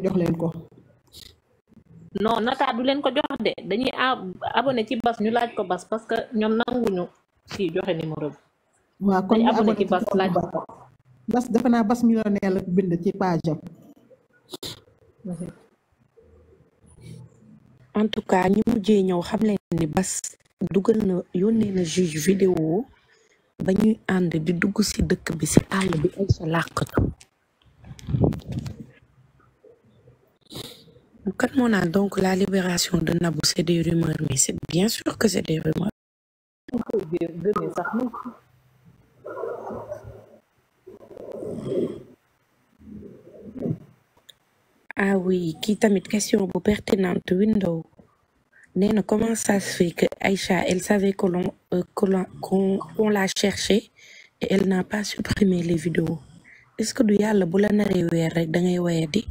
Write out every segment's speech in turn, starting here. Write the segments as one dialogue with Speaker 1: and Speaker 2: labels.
Speaker 1: jox leen ko. non nata du leen ko jox de dañuy abonné ci bas ñu laaj ko bas parce que ñoom nanguñu ci joxe numéro bi. waaw kon ñu ci bas laaj ko bas naa bas millionnaire la bind ci page am.
Speaker 2: en tout cas ñi mujjee ñëw xam leen ni bas dugal na yónnee na juge vidéo ba ñuy ànd di dugg ci dëkk bi ci àll bi ay sa làqatu Quand on a donc la libération de Nabou, c'est des rumeurs, mais c'est bien sûr que c'est des rumeurs. Ah oui, qui t'a mis question pour pertinente Windows. comment ça se fait que Aïcha, elle savait que euh, qu'on l'a cherchée et elle n'a pas supprimé les vidéos. Est-ce que du yalla le la naré wér rek da ngay wéyati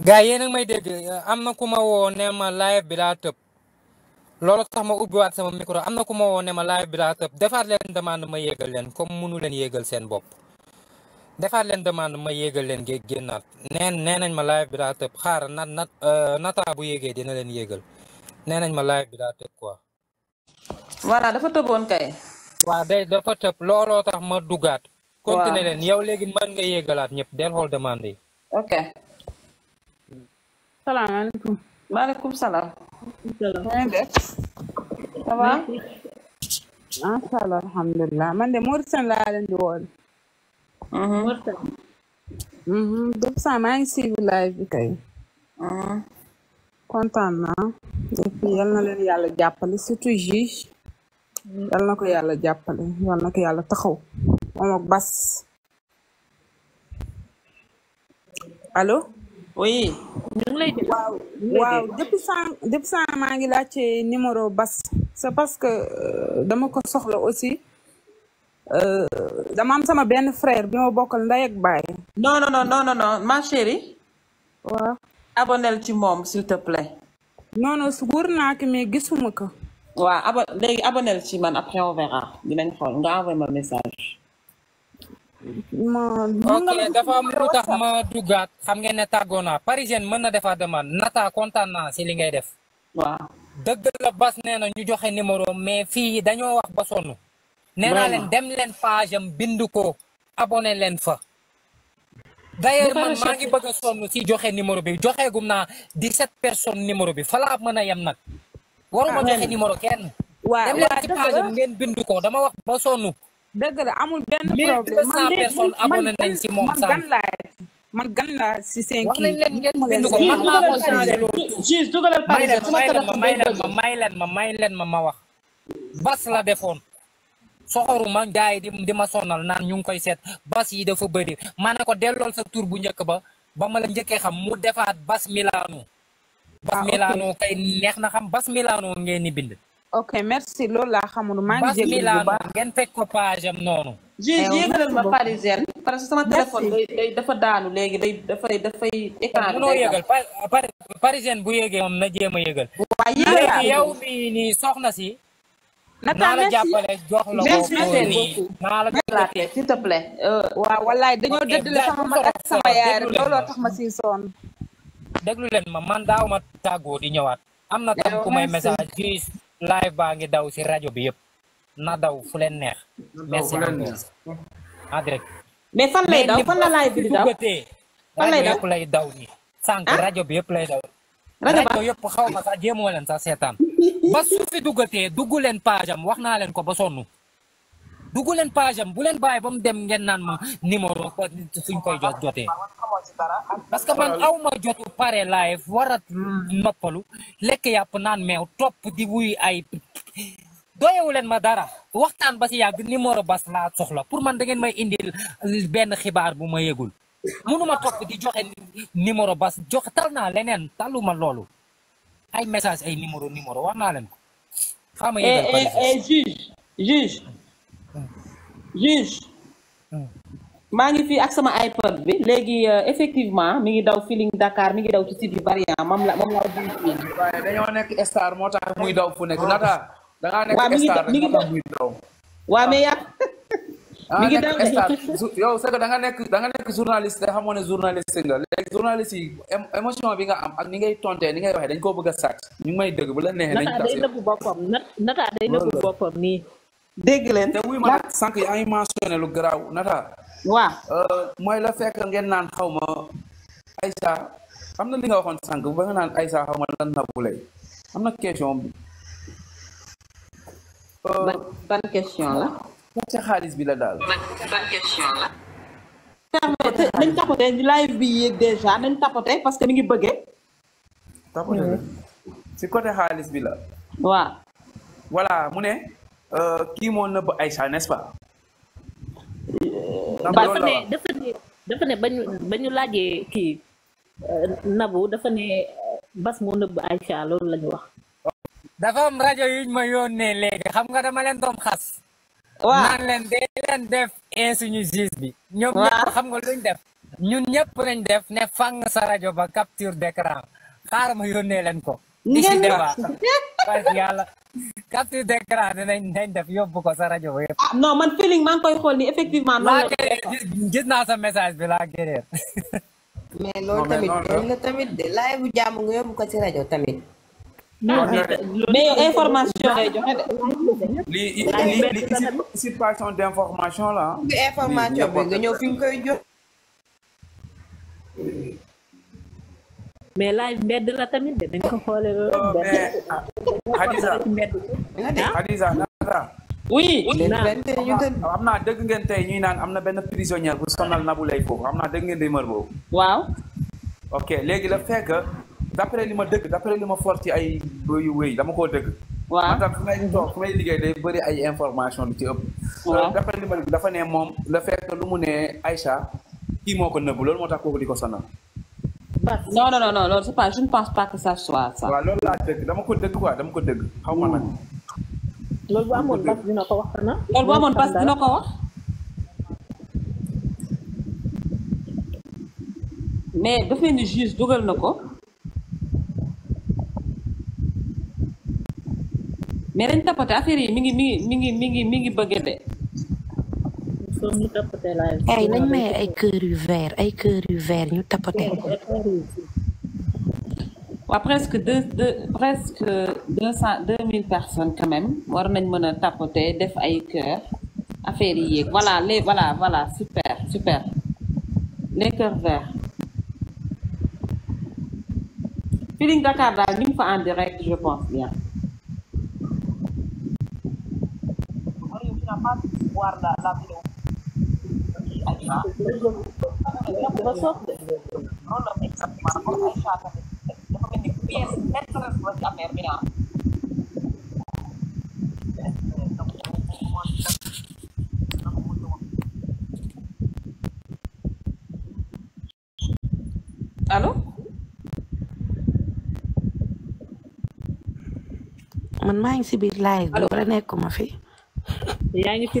Speaker 3: gaa yéen a may dégg am na ku ma woo ne ma live bi daa tëb loolu tax ma ubbiwaat sama micro am na ku ma woo ne ma live bi laa tëb defaat leen demande ma yéegal leen comme munu leen yéegal seen bopp defaat leen demande ma yéegal leen gé génnaat neen nee nañ ma live bi daa tëb xaar nat nat euh, nataa bu yéegee dina leen yéegal nee nañ ma live bi laa tëb quoi.
Speaker 4: voilà dafa tëboon kay.
Speaker 3: waaw day dafa tëb looloo tax ma duggaat. waaw continué leen yow léegi mën nga yéegalaat ñëpp del demande yi.
Speaker 4: السلام عليكم وعليكم السلام تمام
Speaker 5: ما شاء الله الحمد لله من دي مرسل لا عندي وول اها مرسل اها ما يصير لايف كاي اها كونتان دي يالنا لين يالا جابالي سيتو جيش يالنا كو يالا جابالي يالنا كو يالا تخو ومك بس الو oui. ñu waaw waaw depuis sànq depuis maa ngi laajte numéro Bas. c'est parce que euh, dama ko soxla aussi euh, dama sama benn frère bi ma bokkal ndey ak baay.
Speaker 4: non non non non non ma chérie. waaw. abonel ci moom s'il te plaît. non non wër naa ko mais gisuma ko. waaw abo abonel ci man après on verra dinañ xool nga envoyé ma message.
Speaker 3: ok dafa am lu tax ma duggaat xam ngeen ne tàggoo parisienne mën na defaa demande nata kontaan naa si li ngay def. waaw dëgg la bas nee na ñu joxe numéro mais fii dañoo wax ba sonn. nee naa leen dem leen page am bind ko abonné leen fa.
Speaker 6: d'ailleurs man maa ngi
Speaker 3: bëgg a sonn si joxe numéro bi joxe gum naa 17 personnes numéro bi fa laa mën a yem nag. waruma ah, joxe numéro kenn. waaw dem leen ci page ngeen bind ko dama wax ba sonn. dëgg la amul benn problème man personnes abonné nañ ci moom sax man gan laa man gan laa si seen kii juge dugalal may leen ma may leen ma may leen ma may leen ma ma wax bas la defoon soxoruma njaay di di ma sonal naan ñu ngi koy seet bas yi dafa bëri ma ne ko dellool sa tuur bu njëkk ba ba ma la njëkkee xam mu defaat bas milano bas ah, milano kay neex na xam bas milano ngeen ni bind
Speaker 5: ok merci loolu laa xamul maa ngi jéggi bu baax
Speaker 3: ngeen teg ko page am noonu. ji eh, yëgalal
Speaker 5: ma parisienne
Speaker 4: parce que sama téléphone day dafa daanu léegi day dafay dafay écran bi munoo yëgal
Speaker 3: parisienne bu yëgee moom na jéem a Je waaw yëgal yow mii nii soxna si. naa la jàppale jox la ko nii
Speaker 4: naa s'il te plaît. Euh, waaw
Speaker 5: wallaay dañoo dëddale sama mag ak sama yaay rek looloo tax ma siy sonn.
Speaker 3: Je leen ma man daaw ma di ñëwaat. am na tam ku may message juste. live baa ngi daw ci rajo bi yëpp na daw fu leen neex. merci en mais fan lay daw fan la live bi daw fan rajo nii. sànq ah? rajo bi yëpp lay daw. rajo yëpp xaw ma sax jéemoo leen sax seetaan. ba su fi duggatee dugg leen page wax naa leen ko ba sonn. dugg leen page am bu leen bàyyi ba mu dem ngeen naan ma numéro suñ koy jot jotee parce que man aw ma jotu pare live war noppalu lekk yàpp naan meew topp di wuy ay doyewu leen ma dara waxtaan ba si yàgg numéro bas laa soxla pour man da ngeen may indil benn xibaar bu ma yëgul mënuma topp di joxe numéro bas jox tal naa leneen taluma loolu ay message ay numéro numéro wax naa leen ko. xam nga eh, eh, eh,
Speaker 4: juge juge
Speaker 3: juge ah. maa
Speaker 4: ngi fii ak sama iPod bi léegi euh, effectivement mi ngi daw Feeling Dakar mi ngi daw ci site yu bari ah, moom
Speaker 6: la moom laa dund fii. waaye dañoo nekk star moo tax muy daw fu nekk nata da ngaa nekk star mi ngi daw muy daw. waaw mais yàq. Ah, mi ngi daw yow da nga nekk da nga nekk journaliste te xamoo ne journaliste nga léegi journaliste yi émotion bi nga am ak ni ngay tontee ni ngay waxee dañ koo bëgg a sàcc ñu ngi may dëgg bu la neexee. dañu tas nata day nëbbu
Speaker 1: boppam nata day nëbbu
Speaker 6: boppam nii. dégg leen. te wuy ma sànq yaa ngi mentionné lu garaaw nata. waaw euh, mooy la fekk ngeen naan xaw ma Aïssa am na li nga waxoon sànq ba nga naan Aïssa xaw ma lan Nabou Leye am na question bi. Euh, ban question la. ca xaalis bi la daal. ban question
Speaker 4: la. nañ tapoté live bi yéeg déjà nañ tapoté parce que mi ngi bëggee.
Speaker 6: tapoté la si hmm. côté xaalis bi la. waaw. voilà mu ne. Euh, kii moo nëbb Aïcha n'est-ce euh, dafa ne
Speaker 1: dafa ne dafa ba ñu ba laajee kii euh, Nabou dafa ne Bas moo nëbb Aïcha loolu la wax.
Speaker 3: dafa am rajo yuñ ma yónnee léegi xam nga dama leen doon xas. waaw naan leen de leen def insuñu juge bi. ñoom ñëpp xam nga luñ def. ñun ñëpp nañ def ne fang sa rajo ba capture d'écran xaaral ma yónnee leen ko. ngeen def yàlla. capture d'écran dinañ nañ def yóbbu ko sa rajo yëpp. ah non man feeling maa koy xool ni effectivement. laa gis gis naa sa message bi laa gërëm.
Speaker 7: mais loolu tamit loolu la tamit de laay bu jàmm nga
Speaker 6: yóbbu ko ci rajo tamit. mais yow information nga ñëw fi koy jox.
Speaker 1: mais live mbedd la tamit de dañ ko xoolee loolu. Ah?
Speaker 6: oui. am naa dëgg ngeen ñuy naan am na benn prisonnière bu sonal Nabou Leye foofu am naa dëgg ngeen di mër boobu. waaw. léegi la fekk d' li ma dëgg d' après ma fort ci ay yu wéy koo dëgg. waaw liggéey day bëri ay lu ci ëpp. waaw d' dafa ne moom la fekk lu mu ne Aïcha kii moo ko nëbbu loolu moo tax kooku di ko sonal. passe. non non non loolu c'est pas je ne pense pas que ça soit ça. waaw loolu laa dëgg dama ko dëgg quoi dama ko dëgg. xaw ma nag. loolu
Speaker 1: bu
Speaker 4: amoon passe dina ko wax xanaa.
Speaker 6: loolu bu amoon passe
Speaker 4: ko wax. mais daf leen ni juge dugal na ko. mais dañ tappate affaire yi mi ngi mi ngi mi ngi mi ngi mi ngi bëgg de. comme ñu tapoté live. Eh, ay nañ may ay
Speaker 2: cœur yu vert ay cœur yu vert ñu tapoté ko. Eh,
Speaker 4: eh, presque deux deux presque 200 2000 personnes quand même war nañ mëna a tapoté def ay cœur affaire yi voilà les voilà voilà super super les cœurs verts. Feeling Dakar daal ñu ngi en direct je pense bien. voir la, la vidéo. allo
Speaker 2: man maa ngi si biir live bi wala nekkuma fi
Speaker 1: yaa ngi fi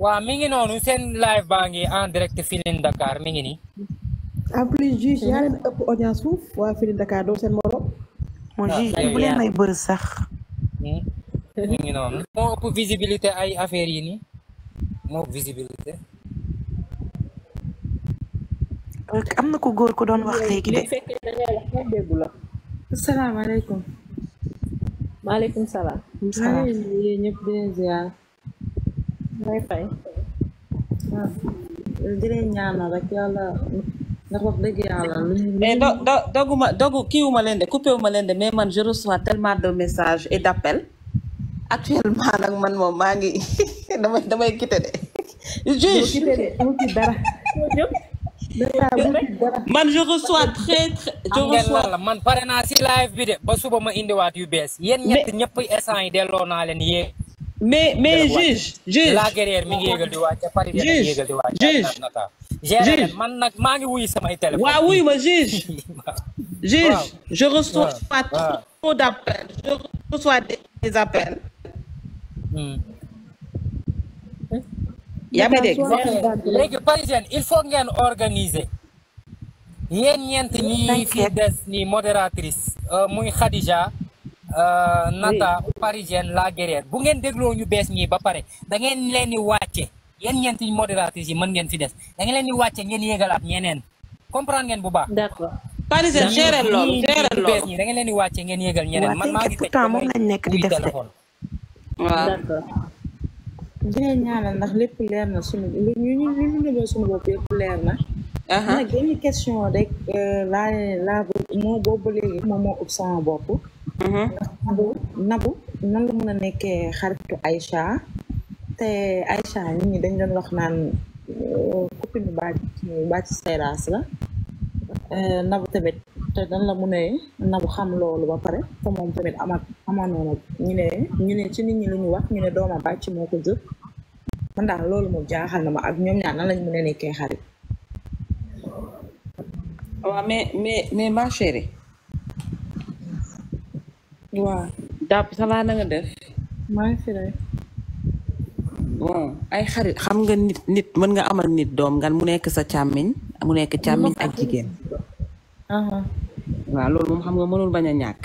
Speaker 3: waaw mi ngi noonu seen live baa ngi en direct Feeling Dakar mi ngi nii.
Speaker 5: en plus juge yaa leen ëpp audience foofu waa Feeling Dakar doo seen morom. waaw ah, juge bu leen may bër sax.
Speaker 3: Hmm? mi ngi noonu moo ëpp visibilité ay affaires yi nii moo ëpp visibilité.
Speaker 2: am na ko góor ko doon wax léegi de. asalaamaaleykum.
Speaker 1: maaleykum salaam. maaleykum
Speaker 5: salaam. yéen ñëpp di leen ziar. mooy fay waaw di leen ñaanal rek yàlla ndax wax dëgg yàlla
Speaker 4: mais do do doguma dogu kiiwuma leen de coupé wuma leen de mais man je reçois tellement de messages et d'appels actuellement nag man moom maa ngi damay damay quitté de juge dara
Speaker 3: man je reçois très très je reçois la man pare naa si live bi de ba suba ma indiwaat yu bees yéen ñett ñëpp instant yi delloo naa leen yéen mais mais juge juge la guerrière juge juge juge juge
Speaker 4: je reçois trop d'appels je reçois des appels
Speaker 3: hmm. il faut bien organiser il y a des ni modératrice euh, Khadija Eh, nata parisien la guerrière bu ngeen deglo ñu bes ñi ba paré da ngeen leen di yeen ñent ci modératrices yi mën ngeen fi dess da ngeen leen ni wàcce ngeen ak ñeneen comprendre ngeen bu baax. d'accord parisien gérer lool gérer lool bes ñi da ngeen leen ni wàcce ngeen yégal ñeneen man ma ngi
Speaker 5: tam moom lañ nekk di def de d'accord dina ñaanal ndax lepp leer na suñu ñu ñu ñu nëbal suñu bop yëpp leer na uh-huh. nag benn question rek euh, la la mo bobu legi mo mo ëpp bop Mm-hmm. nabu nabu nan la mën a nekkee xaritu Aïcha te Aïcha nit ñi dañ doon wax naan euh, copine bi baa baa ci seeraas euh, tamit te dan la mu ne xam loolu ba pare te moom tamit ama amanoona ñu ne ñu ci nit ñi lu ñu wax ñu ne dooma bàcc moo ko loolu moom jaaxal na ma ak ñoom ñaar nan lañ mën a nekkee xarit
Speaker 4: waaw mais mais mais ma waaw jàpp ça va na nga def. ay xarit xam nga nit mën nga amal nit doom ngan mu nekk sa càmmiñ mu nekk càmmiñ ak jigéen. waaw loolu moom xam nga mënul bañ a ñàkk.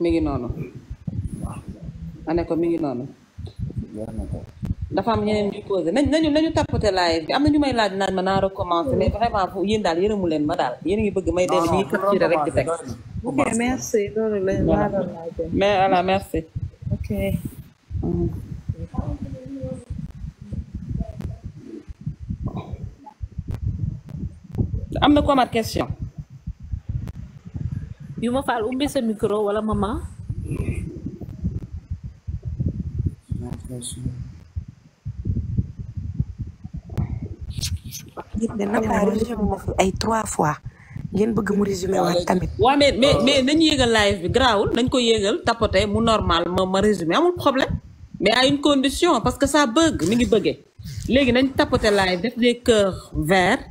Speaker 4: mi ngi noonu ma ne ko mi ngi noonu dafa am ñeneen ñu causé nañ nañu nañu tapoté am na ñu may laaj naan ma naa recommencé mais vraiment foofu yéen daal yërëmu leen ma daal yéen a bëgg may dee ñu ngi capturé rek di teg
Speaker 5: ok merci la
Speaker 4: merci am na ko question
Speaker 1: Yuma Fall ubbi sa micro wala mama
Speaker 2: nit ne naka résumé na fi ay trois fois ngeen bëgg mu résumé waat tamit
Speaker 4: waaw mais mais mais nañu yéegal live bi garaawul nañ ko yéegal tapoté mu normal ma ma résumé amul problème mais y a une condition parce que ça bëgg mi ngi bëggee léegi nañ tapoté live def des cœurs verts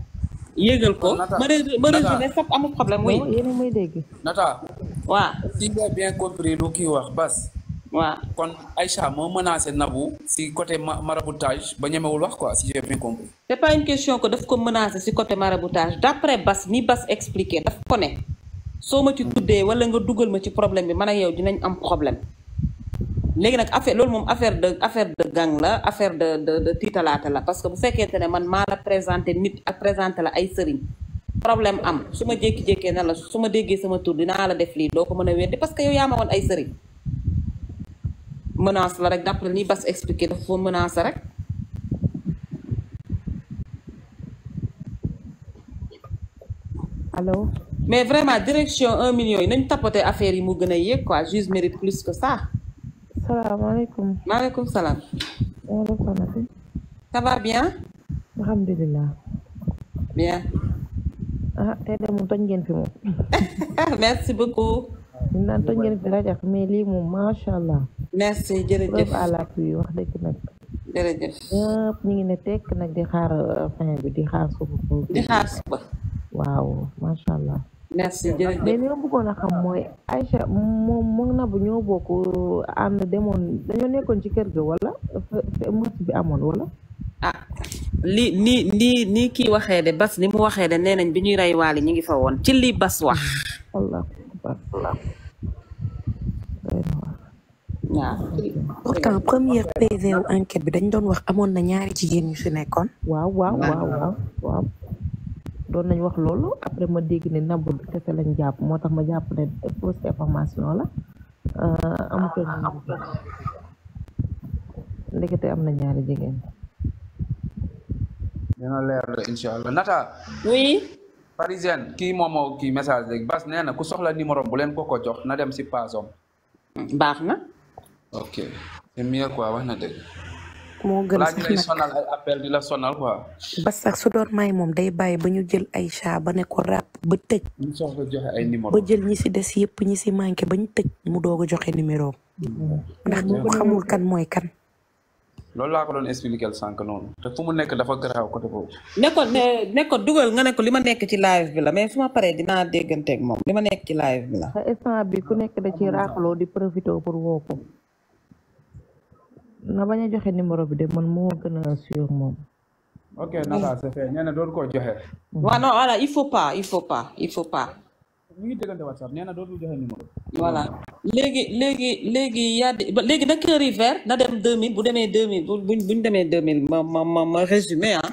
Speaker 4: yéegal ko. ma résumé foog amul problème mooy yéen a may dégg.
Speaker 6: Nata. waaw. si nga bien compris lu kiy wax Bas. waa kon Aïcha moo menacé nabu si côté ma maraboutage ba ñemewul wax quoi si j'ai bien compris.
Speaker 4: c'est pas une question que daf ko menacé si côté maraboutage d'après Bas mi Bas expliqué daf ko ne soo ma ci tuddee wala nga dugal ma ci problème bi man ak yow dinañ am problème. léegi nak affaire loolu mom affaire de affaire de gang la affaire de de de tiitalaate la parce que bu fekké tane man ma la présenté nit ak présenté la ay sëriñ problème am suma djéki djéké jékkee na la su ma sama tour dina la def li doko ko mën parce que yow yama won ay sëriñ menace la rek d'après ni bas expliquer dafa foo menace rek allo mais vraiment direction un million yi nañ tapoter affaire yi mu gëna a quoi juste mérite plus que ça
Speaker 5: salaamaaleykum.
Speaker 4: maaleykum salaam.
Speaker 5: maa ngi soxna si. ça va bien. alhamdulilah. bien. ah tey de moom toj ngeen fi moom.
Speaker 4: merci beaucoup. ñu naan toj ngeen fi
Speaker 5: rajo mais lii moom macha allah.
Speaker 2: merci
Speaker 4: jërëjëf à la
Speaker 2: pluie wax dëgg nag. jërëjëf. ñëpp ñu ngi ne tekk nag di xaar euh, fin bi di xaar suba. waaw
Speaker 4: macha allah.
Speaker 5: merci jërëjëf mais a xam mooy Aïcha moom moom na bu ñoo bokk ànd demoon dañoo nekkoon ci kër gi walla mbas bi amoon wala. ah
Speaker 4: li ni ni ni kii waxee de bas ni mu waxee de nee nañ bi ñuy rey waali ñu ngi fa woon ci lii bas wax. allah akbar
Speaker 3: waaw.
Speaker 2: pourtant première PV bi dañ doon wax amoon na
Speaker 5: ñaari jigéen ñu fi nekkoon. waaw waaw waaw waaw. doon nañ wax loolu après ma dégg ne nabu bi kese lañ jàpp moo tax ma jàpp ne post information la am ko ndekete am na ñaari jigéen
Speaker 6: dina leer la incha allah nata oui parisienne ki momo ki message léegi bas nee ku soxla numéro bu len ko ko jox na dem ci paasom baxna ok c'est mieux quoi wax na dëgg moo gën a sonal ay appel di la sonal quoi.
Speaker 2: ba sax su doon may day bàyyi ba ñu jël ay chat ba ne ko
Speaker 6: rap ba tëj. ñu soxla joxe ay numéro ba
Speaker 2: jël ñi si des yëpp ñi si mu joxe numéro
Speaker 6: ndax mu xamul kan mooy kan. loolu laa ko doon expliquer sànq noonu. te fu mu nekk dafa ko
Speaker 4: nga ci live bi la mais su ma paree dinaa ak ci live bi la.
Speaker 5: instant bi ku nekk da ci di profité pour na bañ joxe numéro bi de man mo gëna sur mom moom.
Speaker 6: ok Nata c'est fait néna do ko joxe. Mm. wa non voilà il faut pas il faut pas il faut pas. ñu ngi déggante WhatsApp néna do dootu joxe numéro. voilà légui
Speaker 4: légui légui yaa légui na Keur River na dem 2000 bu démé 2000 buñ buñ démé 2000 ma ma ma résumé hein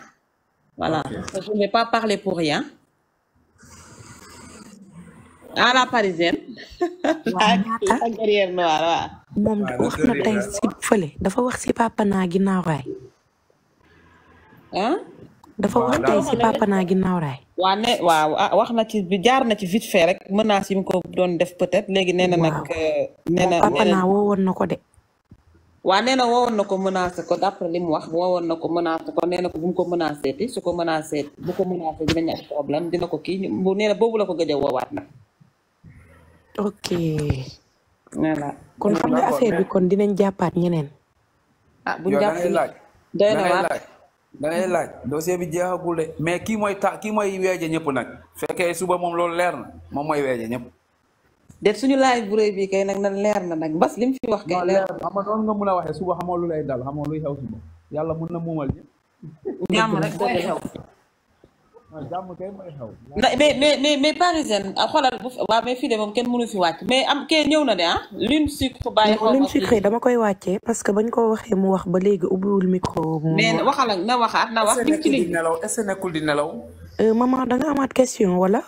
Speaker 4: voilà je ne vais pas parler pour rien. à la parisienne.
Speaker 2: moom dafa wax si papa ginnaaw raay.
Speaker 4: ah. dafa ginnaaw raay. waa ne waaw ah, wax na ci bi jaar na ci vite rek menace yi mu ko doon def peut-être léegi nee na nag. Euh, nee na papa naa
Speaker 2: woowoon na ko de.
Speaker 4: waa nee na woowoon na ko menacé ko d'après li mu wax woowoon na ko menacé ko nee ko bu mu ko menacé te su ko menacé bu ko menacé dinañ am ko kii bu nee boobu la ko gëj a woowaat nag.
Speaker 2: ok. kon xam nga affaire bi kon dinañ jàppaat ñeneen. ah bu ñu jàppee laaj. doy na
Speaker 6: waar da ngay laaj dossier bi jeexagul de mais kii mooy tax ki mooy weeje ñëpp nag fekkee suba moom loolu leer na moom mooy weeje ñëpp. de suñu live bu bi kay nag na leer na nag bas li mu fi wax kay leer na. xam nga noonu nga mun a waxee suba xamoo lu lay dal xamoo luy xew suba yàlla mun na muumal ñëpp. ñaam rek day xew. mais mais
Speaker 4: mais mais parisienne ah, xoolal bu mais fii moom kenn mënu fi wàcc mais am kee ñëw na de ah. lune
Speaker 6: sucre bàyyi xaw lune
Speaker 2: dama koy wàccee parce que bañ ko waxee mu wax ba léegi ubbiwul micro. mais waxal na
Speaker 6: waxaat na wax. Ah, ci ligne di nelaw.
Speaker 2: Euh, maman da amaat question wala.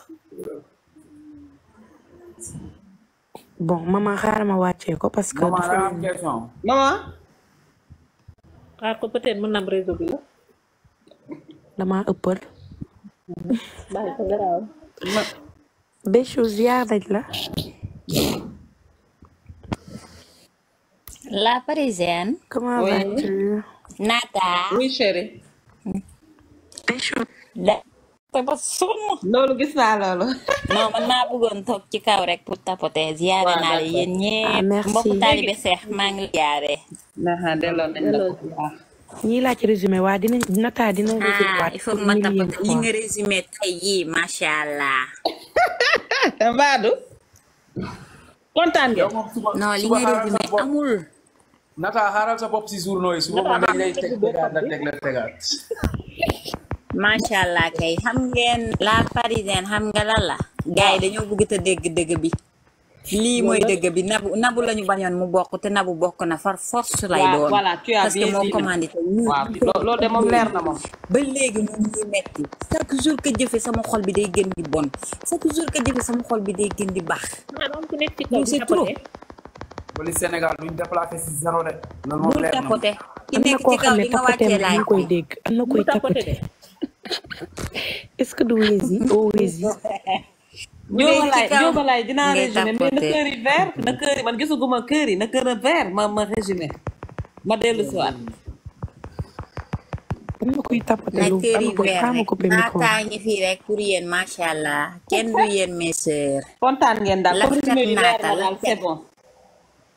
Speaker 2: bon maman ma wàccee ko parce que. maman
Speaker 1: daa xaar ko peut-être mën réseau
Speaker 2: bi la. damaa ëppal. bàyyi la
Speaker 7: la parisienne comment oui. vas-tu naka oui toog ci kaw rek pour tapoter ziare naa la yéen ñëpp mbokk taalibe seex maa ngi ziare delloo la
Speaker 2: ko ñii laa ci résumé waa dina nata dina. ah il faut ma tapate ñi nga résumé
Speaker 7: tey jii macha allah.
Speaker 6: la teg la tegaat.
Speaker 7: kay xam ngeen la parisienne xam nga lan la. dañoo bëgg te dégg dëgg bi. lii mooy dëgg bi nabu nabu la ñu bañoon mu bokk te nabu bokk na far force lay doon parce moo commandité ñun moom leer na moom ba léegi ñun ñuy metti chaque jour que jëfe sama xol bi day gën di bon xol bi day gën baax ñun c'est trop
Speaker 6: police Sénégal duñ déplacé si zéro rek loolu moom leer na moom ki nekk ci kaw li nga wàccee laay koy
Speaker 2: dégg ce que du oh, jóobalaay jóobalaay kër yi
Speaker 4: vert ma ma
Speaker 2: ko xaamu ko ngi
Speaker 7: fii rek pour yéen macha allah kenn du yéen mes sœurs. kontaan ngeen daal pour résumé bi vert la daal c'est bon.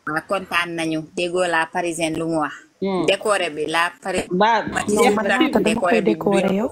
Speaker 7: waaw ah, kontaan nañu déggoo la parisienne lu mu wax. Hmm. décoré bi la parisienne.
Speaker 5: décoré bi décoré yow.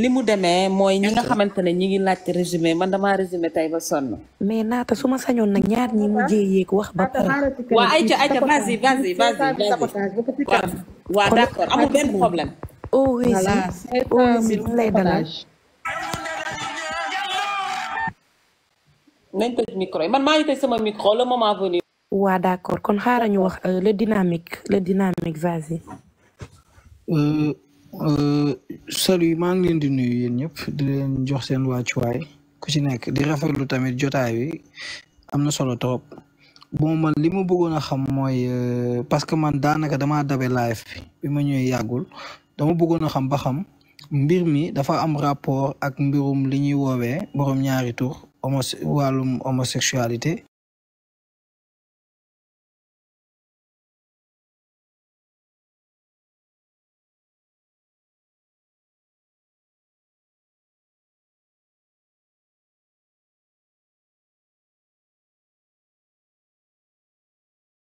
Speaker 4: li mu demee mooy ñi nga xamante ne ñi ngi laajte résumé man damaa résumé tey ba sonn.
Speaker 2: mais naata suma sañoon nag ñaar ñi mu jéyeeg wax ba pare.
Speaker 4: waaw ayca ayca vas-y lay dalal.
Speaker 5: Oh, oh,
Speaker 4: nañ tëj micro man maa ngi sama micro
Speaker 2: waa d'accord kon xaaral ñu wax euh, le dynamique le dynamique vas
Speaker 1: euh, yi euh, maa ngi leen di nuyu yéen ñëpp di leen jox seen wàccuwaay ku ci nekk di rafetlu tamit jotaay wi am na solo trop bon man li ma bëggoon a xam mooy euh, parce que man daanaka damaa dabe live bi ma ñëwee yàggul dama bëggoon a xam ba xam mbir mi dafa am rapport ak mbirum li ñuy woowee borom ñaari tur homos wàllum homosexualité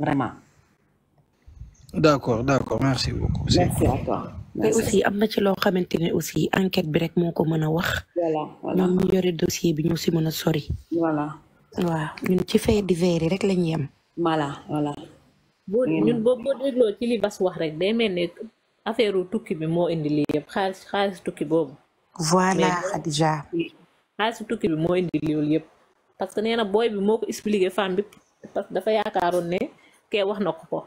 Speaker 2: vraiment.
Speaker 4: d' accord d' accord merci beaucoup. merci
Speaker 7: aussi
Speaker 2: am na ci loo xamante ne aussi enquête bi rek moo ko mën a wax. voilà ñoom ñu dossier bi ñu si mën a sori. voilà. waaw ñun ci fait divers rek la ñuy
Speaker 4: voilà
Speaker 1: voilà. boo ñun boo boo dégloo wax rek day mel ne affaire tukki bi moo indi lii yëpp xaalis xaalis tukki boobu. voilà Khadija. xaalis tukki bi moo indi yëpp parce que nee na booy bi moo ko expliqué femme bi dafa yaakaaroon ne. kee wax na ko ko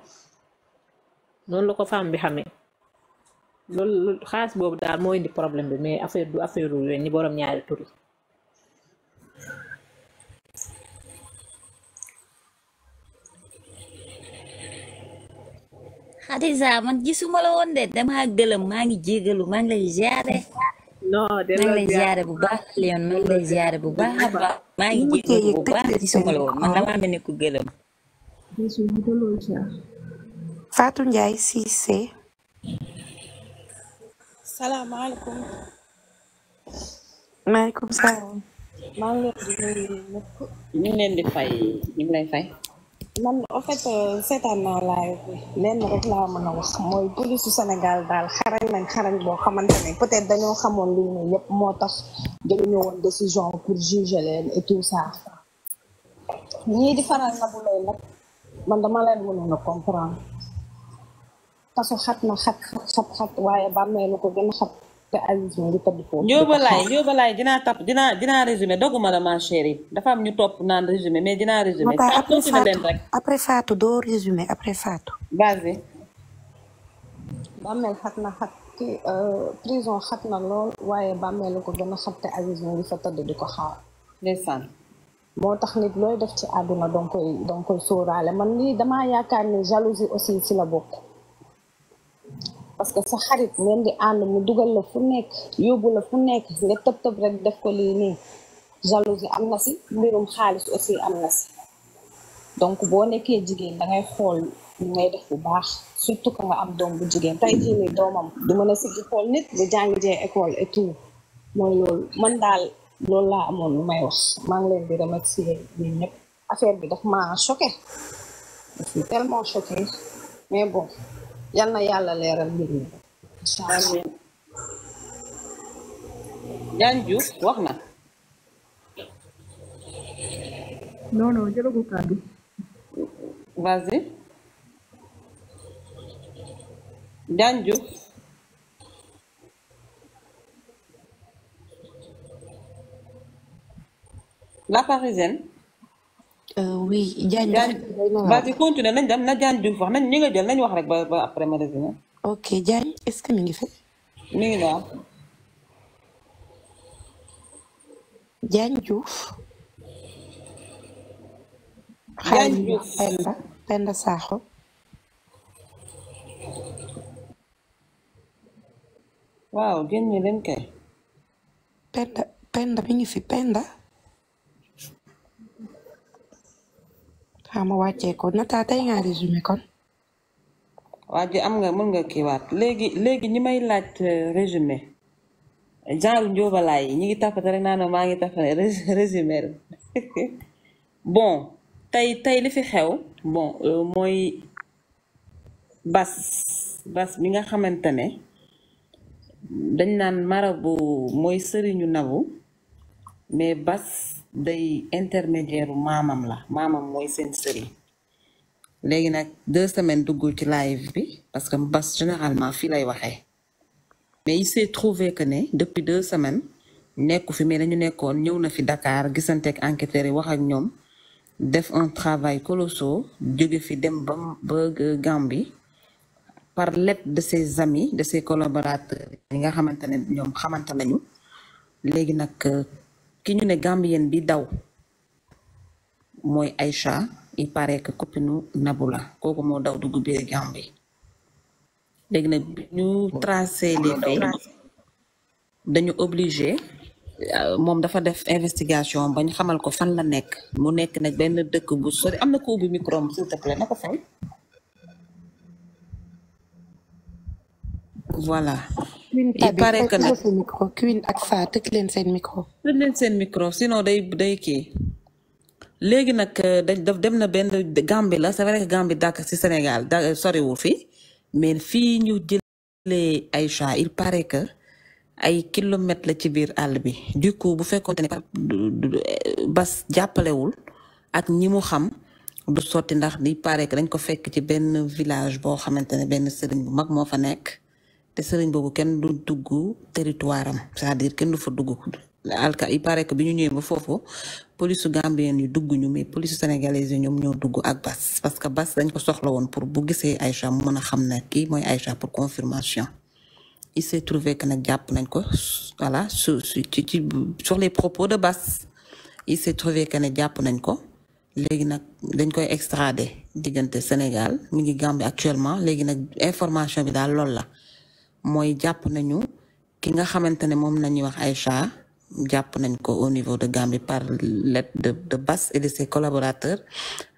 Speaker 1: noonu la ko femme bi xamee loolu xaalis boobu daal moo indi problème bi mais affaire du affaire wu leen ñi borom ñaari tur yi
Speaker 7: Xadija man gisuma la woon de damaa gëlëm maa ngi jégalu maa ngi lay ziare. non delloo lay ziare bu baax Léon maa ngi lay ziare bu baax a baax. maa ngi jégalu bu baax gisuma la man damaa mel ne ku gëlëm.
Speaker 2: Fatou njaay Cissé
Speaker 5: salaamaaleykum maaleykum salaam maa leen di nuyu leen di fay ñu lay fay man en euh, rek laa mën a wax mooy police Sénégal daal xarañ nañ xarañ boo xamante ne être dañoo xamoon lii yépp moo tax jëluñu woon décision pour juger leen et tout ça ñii di faral na bu lay nag man dama leen mënoon a comprendre kaso xat na xat xat xat xat waaye bàmmeelu ko gën a xat te Aziz moom di tëdd foofu. njóobalaay
Speaker 4: njóobalaay dinaa tap dinaa dinaa résumé doguma la ma chérie dafa am ñu topp naan résumé mais dinaa résumé. saa continué leen rek
Speaker 5: après Fatou
Speaker 2: doo résumé après Fatou. vas-y.
Speaker 5: bàmmeel xat na xat ki euh, prison xat na lool waaye bàmmeelu ko gën a xat te Aziz moom di fa tëdd di ko xaar. ndeysaan. moo tax nit looy def ci àdduna danga koy danga koy sóoraale man lii dama yaakaar ne jalousie aussi ci la bokk parce que sa xarit ngeen di ànd mu dugal la fu nekk yóbbu la fu nekk nga tëb tëb rek def ko lii nii jalousie am na si mbirum xaalis aussi am na si donc boo nekkee jigéen ngay xool ni ngay def bu baax surtout que nga am doom bu jigéen tey jii nii doomam du mën a si xool nit bu jàngi jee école et tout mooy loolu man daal loolu laa amoon lu may leen di remercier ñi ñëpp affaire bi daf maa choqué daf ma tellement mais bon yal na yàlla leeral mbir mi wax na non jëlagu kàddu
Speaker 4: vas-y Diagne Diouf la parisienne. Euh,
Speaker 2: oui
Speaker 5: Diagne Diouf wa continuer
Speaker 4: nañ dem na nañ wax rek ba ba après ma
Speaker 2: ok Diagne est que mi ngi fi. mi ngi daal. Diagne Diouf. Diagne Penda Penda Sakho. waaw génn leen kay. Penda Penda mi ngi fi Penda. xam ma wàccee ko nata tey nga résumé kon.
Speaker 4: waa ji am nga mën nga kiiwaat léegi léegi ñi may laaj euh, résumé genre njóobalaay yi ñi ngi tappate rek naa ne maa ngi tappate résumé bon tey tey li fi xew bon euh, mooy bas bas bi nga xamante ne dañ naan marabu mooy sëriñu nabu mais bas day intermédiaire u maamam la maamam mooy seen sëriñ léegi nag deux semaines duggul ci live bi parce que Bass généralement fii lay waxee mais il s'est trouvé que ne depuis deux semaines nekku fi mais dañu nekkoon ñëw na fi Dakar gisante ak enquêteurs yi wax ak ñoom def un travail colossal jóge fi dem ba ba Gambie par lettre de ses amis de ses collaborateurs yi nga xamante ne ñoom xamante nañu léegi nag ki ñu ne Gambien bi daw mooy Aïcha il paraît que copinu Nabou la kooku moo daw dugg biir Gambie léegi ñu tracé les faits dañu obligé euh, mom dafa def investigation ba xamal ko fan la nekk mu nekk nak ben dëkk bu sori amna ko ubbi micro am s'il te plaît na ko fay voilà
Speaker 2: il paraît que ak Sa tëj leen seen micro.
Speaker 4: tëj leen seen micro sinon day day kii léegi nag euh, daf dem na benn Gambie la c'est vrai si Sénégal da fi mais fii ñu jëlee Aïcha il paraît ay kilomètres la ci biir àll bi du coup bu fekkoon ne bas jàppalewul ak ñi mu xam. du sotti ndax di pare que dañ ko fekk ci benn village boo xamante ne benn sëriñ bu mag moo fa nekk te sëriñ bobu kenn du dugg territoire am c'est-à-dire kenn du fa dugg alka il paraît que bi ñu ba foofu police gambienne yu dugg ñu mais police sénégalaise ñom ñoom ñoo dugg ak bas parce que bas dañ ko soxla pour bu gisee Aïcha mu mën a xam Aïcha pour confirmation il s'est trouvé que nak japp nañ ko voilà sur les propos de bas il s'est trouvé que nak japp nañ ko légui nak dañ koy extrader diggante Sénégal mi ngi Gambie actuellement légui nak information bi daal lool la mooy jàpp nañu ki nga xamante ne moom nañuy wax ay Aïcha jàpp nañ ko au niveau de Gambie par lettre de de Bass et de ses collaborateurs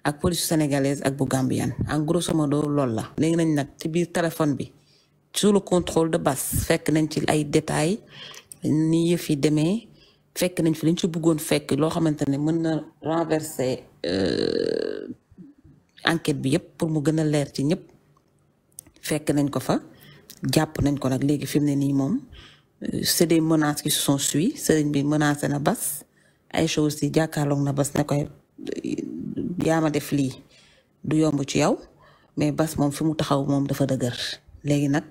Speaker 4: ak police sénégalaise ak bu Gambian en grosso modo lool la. léegi nañ nag ci biir téléphone bi sous le contrôle de Bass fekk nañ ci ay détails ni yëf yi demee fekk nañ fi liñ ci buggoon fekk loo xamante ne mën na renverser euh, enquête bi yëpp pour mu gën a leer ci ñëpp fekk nañ ko fa. jàpp nañ ko nak léegi fi ni mom c'est des menaces qui se sont suivies sëriñ bi menacer na bass ay choses yi jàkkaarloog na bass ne koy yaama def li du yomb ci yow mais bass mom fi taxaw mom dafa deuguer léegi nak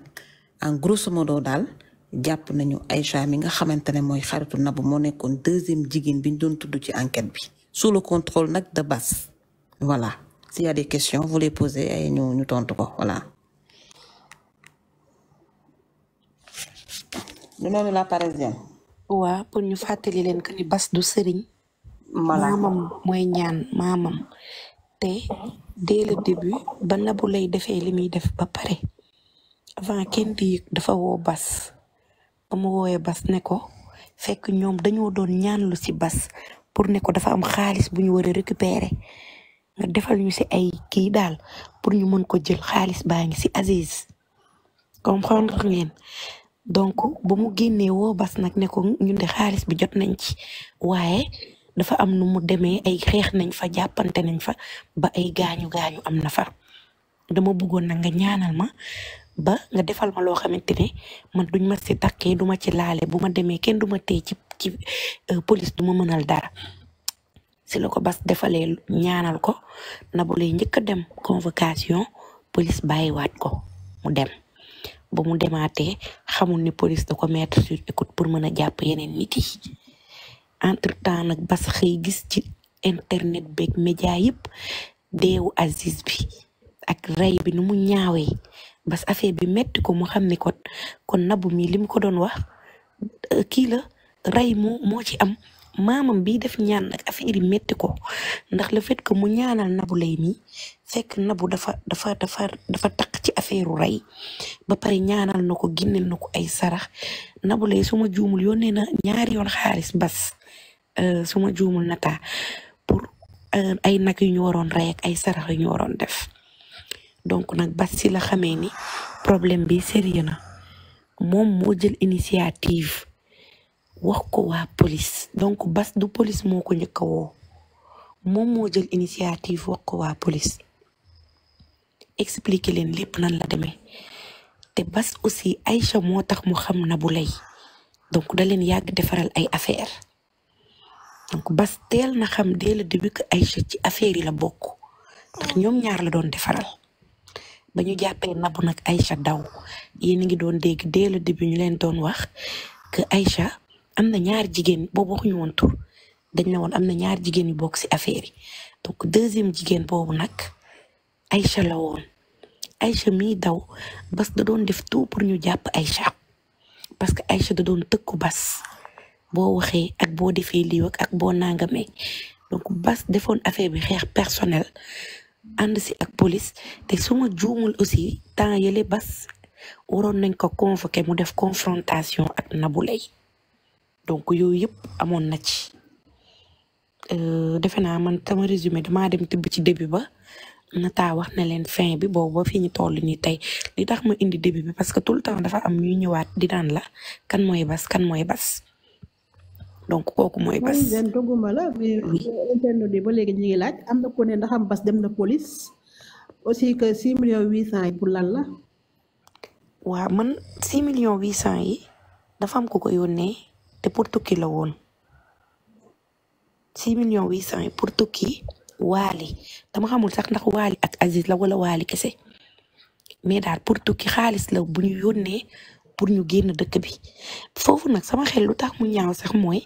Speaker 4: en grosso modo dal jàpp nañu Aïcha mi nga xamantene moy mooy xaritu Nabou mo nekkoon deuxième jigéen bi ñu doon tudd ci enquête bi sous le contrôle nak de bass voilà s'il y a des questions vous les posez ay ñu ñu tontu ko voilà
Speaker 2: ñu la parisienne. waa pour ñu fàttali leen que ni bas du sëriñ. maamam mooy ñaan maamam. te dès le début ba nabu lay defee li muy def ba pare avant kenn di dafa woo bas ba mu woowee bas ne ko fekk ñoom dañoo doon ñaanlu ci bas pour ne ko dafa am xaalis bu ñu war a récupérer nga defal ñu ci ay kii daal pour ñu mën ko jël xaalis baa ngi ci Aziz comprendre ngeen donc bu mu génnee woo bas nag ne ko ñun de xaalis bi jot nañ ci waaye dafa am nu mu demee ay xeex nañ fa jàppante nañ fa ba ay gaañu gaañu am na fa dama buggoon nag nga ñaanal ma ba nga defal ma loo xamante ne man duñ ma si takkee duma ci laale bu ma demee kenn du ma téye ci ci euh, police du ma mënal dara si la ko bas defalee ñaanal ko na bu lay njëkk a dem convocation police bàyyiwaat ko mu dem. ba mu demaatee xamul ni police de ko mettre sur écoute pour mën a jàpp yeneen nit yi temps nag bas xëy gis ci internet beeg média yëpp deewu Aziz bi ak rey bi nu mu ñaawee bas affaire bi metti ko mu xam ni kon kon nabu mii lim ko doon wax euh, kii la rey moo moo ci am maamam bi def ñaan nag affaire yi métti ko ndax le fait ko mu ñaanal nabu lay mi fekk nabu dafa dafa dafa dafa taq ci affaire u rey ba pare ñaanal na ko génneel na ko ay sarax nabu lay su ma juumul yónnee na ñaari yoon xaalis bas euh, su ma juumul nataa pour euh, ay nag yu ñu waroon rey ak ay sarax yu ñu waroon def donc nag bas si la xamee ni problème bi sérieux na moom moo jël initiative wax ko waa police donc bas du police moo ko njëkk woo moom moo jël initiative wax ko waa police expliquer leen lépp nan la deme te bas aussi Aïcha moo tax mu xam Nabou Leye donc da leen yàgg defaral ay affaire donc bas teel na xam dès le début que Aïcha ci affaire yi la bokk ndax ñoom ñaar la doon defaral ba ñu jàppee Nabou nag Aïcha daw yéen ngi doon dégg dès le ñu leen doon wax que Aïcha amna ñaar jigen jigéen boobu waxuñu won tour dañ na won amna ñaar jigen yu bok ci affaire yi donc deuxième jigen bobu nak Aïcha la won Aïcha mi daw bas da doon def tout pour ñu jàpp Aïcha parce que Aïcha da doon tekk bas bo waxé ak bo défé li wak ak bo nangamé donc bas defone affaire bi xex personnel ànd ci ak police te suma ma aussi temps yële bas waroon nañ ko convoquer mu def confrontation ak Nabou donc yoy yep amoon na ci euh defena man sama résumé dama dem tib ci début ba na ta wax na len fin bi bo bo fiñu tollu ni tay li tax ma indi début bi parce que tout le temps dafa am ñuy ñëwaat di dan la kan moy bas kan moy bas donc koku moy bas. seen
Speaker 5: dugguma la mais interne yi ba légui ñi ngi laaj amna ko ne ndax am bas dem na police aussi que 6 millions 800 pour lan la. wa man 6 millions 800
Speaker 2: yi dafa am ko ko yónnee. de Portugal won six millions huit cent yi wali waali dama xamul sax ndax wali ak Aziz la wala wali kese mais daal Portugal khalis la bu ñu yónnee pour ñu génn dëkk bi foofu nag sama xel lu tax mu ñaaw sax mooy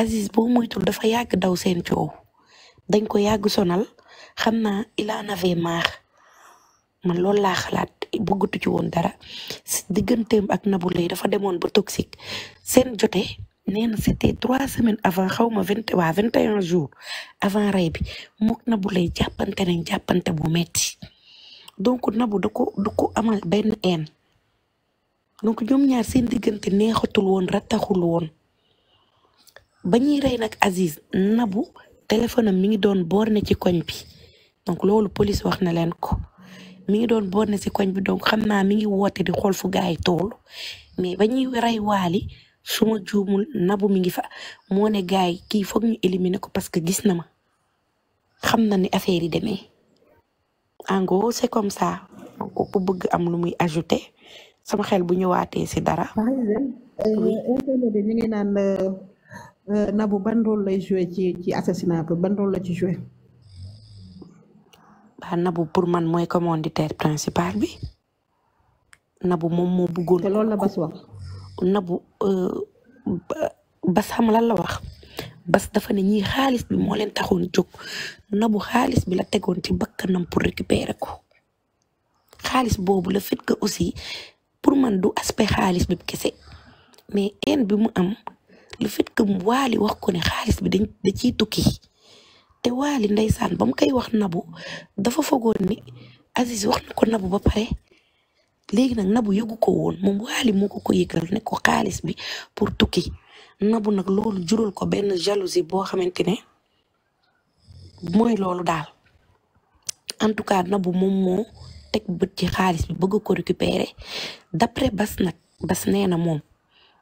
Speaker 2: Aziz boo moytul dafa yag daw seen coow dañ ko yag sonal xam naa il en avait marre man loolu laa xalaat gutu ci woon dara digganteem ak Nabou Leye dafa demoon ba toxique seen jote nee na c'était trois semaines avant xaw ma vingt waa vingt et jours avant rey bi mook Nabou Leye jàppante nañ jàppante bu metti donc nabu da ko da ko amal benn een donc ñoom ñaar seen diggante neexatul woon rattaxul woon ba ñuy rey nag Aziz nabu téléphone am mi ngi doon borne ci koñ bi donc loolu police wax na leen ko mi ngi doon bonne si koñ bi donc xam naa mi ngi woote di xool fu gars yi toll mais ba ñuy rey waali su juumul nabu mi ngi fa moone ne gars yi kii foog ñu éliminer ko parce que gis na ma xam na ni affaire yi demee en gros c'est comme ça ku bëgg am lu muy ajouter sama xel bu ñëwaatee si dara.
Speaker 5: Euh, ñu ngi naan euh, euh, nabu ban rôle lay joué ci ci assassinat bi ban rôle la ci joué.
Speaker 2: nabu pour man mooy commanditaire principal bi nabu moom moo bëggoon. te loolu la Bas wax. nabu euh, Bas xam lan la wax Bas dafa ne ñii xaalis bi moo leen taxoon jóg nabu xaalis bi la tegoon ci bakkanam pour récupérer ko xaalis boobu la fit que aussi pour man du aspect xaalis bi kese mais en bi mu am le fait que Wally wax ko ne xaalis bi dañ da ciy tukki. te waali ndeysaan ba mu koy wax nabu dafa fogoon ni Aziz wax na ko nabu ba pare léegi nag nabu yëgu ko woon moom Waly moo ko ko yëgal ne ko xaalis bi pour tukki nabu nag loolu jural ko benn jalousie boo xamante ne mooy loolu daal en tout cas nabu moom moo teg bët ci xaalis bi bëgg ko récupérer d'après bas nag bas nee na moom.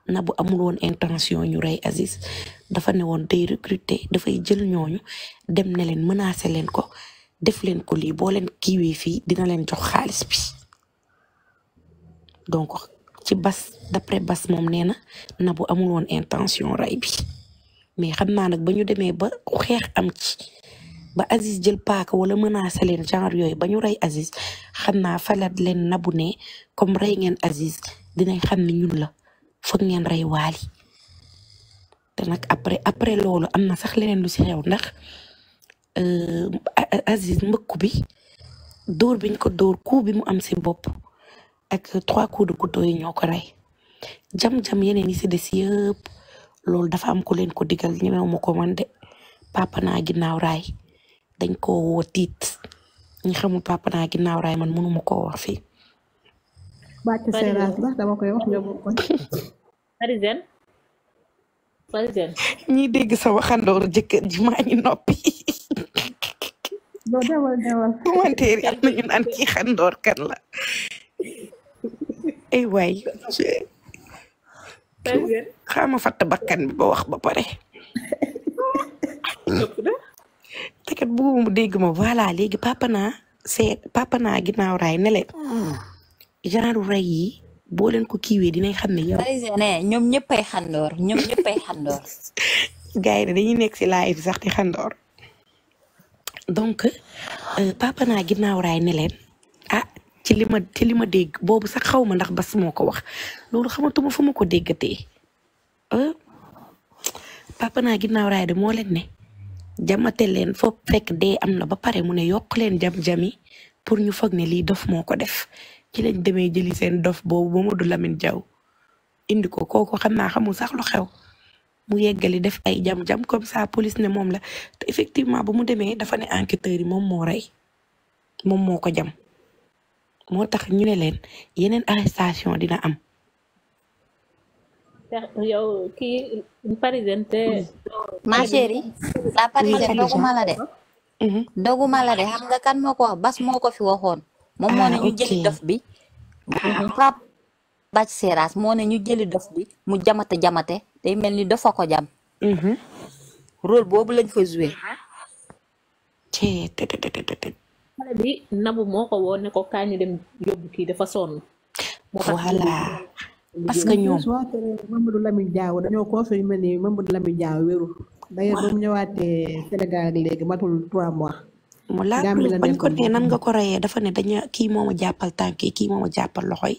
Speaker 2: na bu amul woon intention ñu rey Aziz dafa ne woon day recruter dafay jël ñooñu dem ne leen menacer leen ko def leen ko lii boo leen kiiwee fii dina leen jox xaalis bi donc ci bas d'après bas moom nee na na bu amul woon intention rey bi mais xam naa nag ba ñu demee ba xeex am ci ba Aziz jël paaka wala menacer leen genre yooyu ba ñu rey Aziz xam naa falat leen nabu ne comme rey ngeen Aziz dinañ xam ni ñun la foog ngeen rey waali te nag après après loolu am na sax leneen lu ci xew ndax euh, Aziz mbëkku bi dóor biñ ko dóor ku bi mu am si bopp ak trois coups de couteau yi ñoo ko rey jam-jam yeneen yi ci des yëpp loolu dafa am ko leen ko digal ñemew ma ko man de papa naa ginnaaw raay dañ ko woo tiit ñu xamul papa naa ginnaaw raay man mënuma koo wax fii
Speaker 5: bàcc dama koy wax
Speaker 2: dégg sa waxandooru jëkkër ji maa ngi noppi. non demal demal. commentaire naan kii xandoor kan la. ay waay. Parisien bakkan bi ba wax ba pare. te kat bu mu dégg ma voilà léegi papa naa seet papa naa ginnaaw genre rey yi boo leen ko kiiwee dinañ xam ne yow. parisien eh, ñoom ñëppay xandoor ñoom ñëppay xandoor. gars yi dañuy nekk ci live sax di xandoor. donc euh, papa naa ginnaaw raay ne leen ah ci li ma ci li ma dégg boobu sax xaw ma ndax bas moo ko wax loolu xamatuma fu ma ko déggatee euh, papa naa ginnaaw raay de moo leen ne jamate leen foog fekk dee am na ba pare mu ne yokk leen jam-jami pour ñu foog ne lii dof moo ko def ci lañ demee jëli seen dof boobu Mamadou Lamine Diaw indi ko kooku xam naa xamul sax lu xew mu yeggali def ay jam-jam comme ça police ne moom la te effectivement bu mu demee dafa ne enquêteurs yi moom moo rey moom moo ko jam moo tax ñu ne leen yeneen arrestation dina am.
Speaker 1: yow kii parisienne te. ma chérie
Speaker 7: la parisienne la de. Mhm. doguma la de xam nga kan moo ko bas moo ko fi waxoon. moom ah, ah, ah. moo ne ñu jëli dof bi ñu jëli dof mu jamate jamate day mel ni dafa ko jam
Speaker 2: mm-hmm.
Speaker 4: rôle boobu lañ fa joué xale
Speaker 1: bi nabu moo ko woo ko kaa ñu dem yóbbu kii dafa sonn
Speaker 5: voilà parce que ñoom Mamadou Lamine Diaw dañoo confirmé ni Mamadou Lamine Diaw wérul d'ailleurs ba mu ñëwaatee Sénégal léegi matul trois mois mu laal bañ ko ne nan nga ko rayee dafa ne
Speaker 2: dañu kii moo ma jàppal tànk yi kii moo jàppal loxo yi